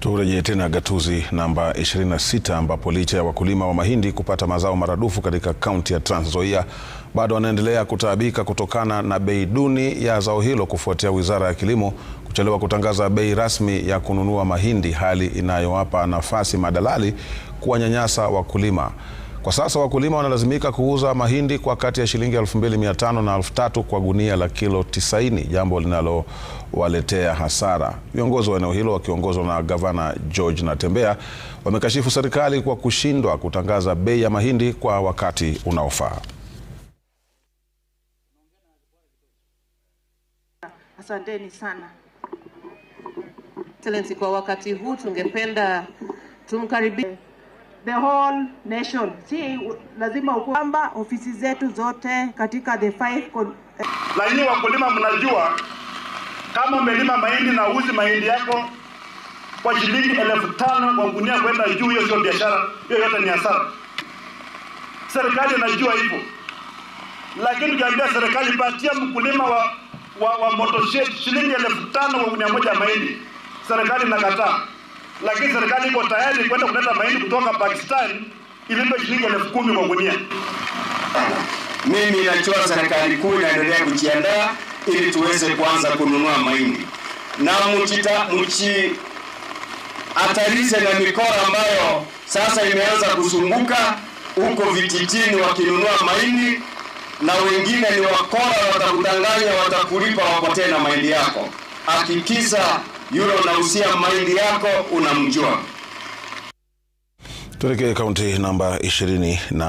Turejee tena gatuzi namba 26 ambapo licha ya wakulima wa mahindi kupata mazao maradufu katika kaunti ya Trans Nzoia bado wanaendelea kutaabika kutokana na bei duni ya zao hilo kufuatia Wizara ya Kilimo kuchelewa kutangaza bei rasmi ya kununua mahindi, hali inayowapa nafasi madalali kuwanyanyasa wakulima. Kwa sasa wakulima wanalazimika kuuza mahindi kwa kati ya shilingi 2500 na 3000 kwa gunia la kilo 90, jambo linalowaletea hasara. Viongozi wa eneo hilo wakiongozwa na Gavana George Natembeya wamekashifu serikali kwa kushindwa kutangaza bei ya mahindi kwa wakati unaofaa. Asanteni sana kwa wakati huu, tungependa tumkaribishe the whole nation. Si lazima kwamba ofisi zetu zote katika the five con na nyinyi wakulima, mnajua kama umelima mahindi na uzi mahindi yako kwa shilingi elfu tano kwa gunia kwenda juu, hiyo sio biashara, hiyo yote ni hasara. Serikali inajua hivyo, lakini ukiambia serikali patia mkulima wa, wa, wa motoshe shilingi elfu tano kwa gunia moja mahindi, serikali inakataa lakini serikali iko tayari kwenda kuleta mahindi kutoka Pakistan ilipe shilingi elfu kumi kwa gunia. Mimi najua serikali kuu inaendelea kujiandaa ili tuweze kuanza kununua mahindi na mchita mchi atarize na mikora ambayo sasa imeanza kuzunguka huko vijijini wakinunua mahindi, na wengine ni wakora, watakudanganya, watakulipa, wapotee na mahindi yako. Hakikisha yule unahusia maili yako unamjua. Tuelekee kaunti namba ishirini na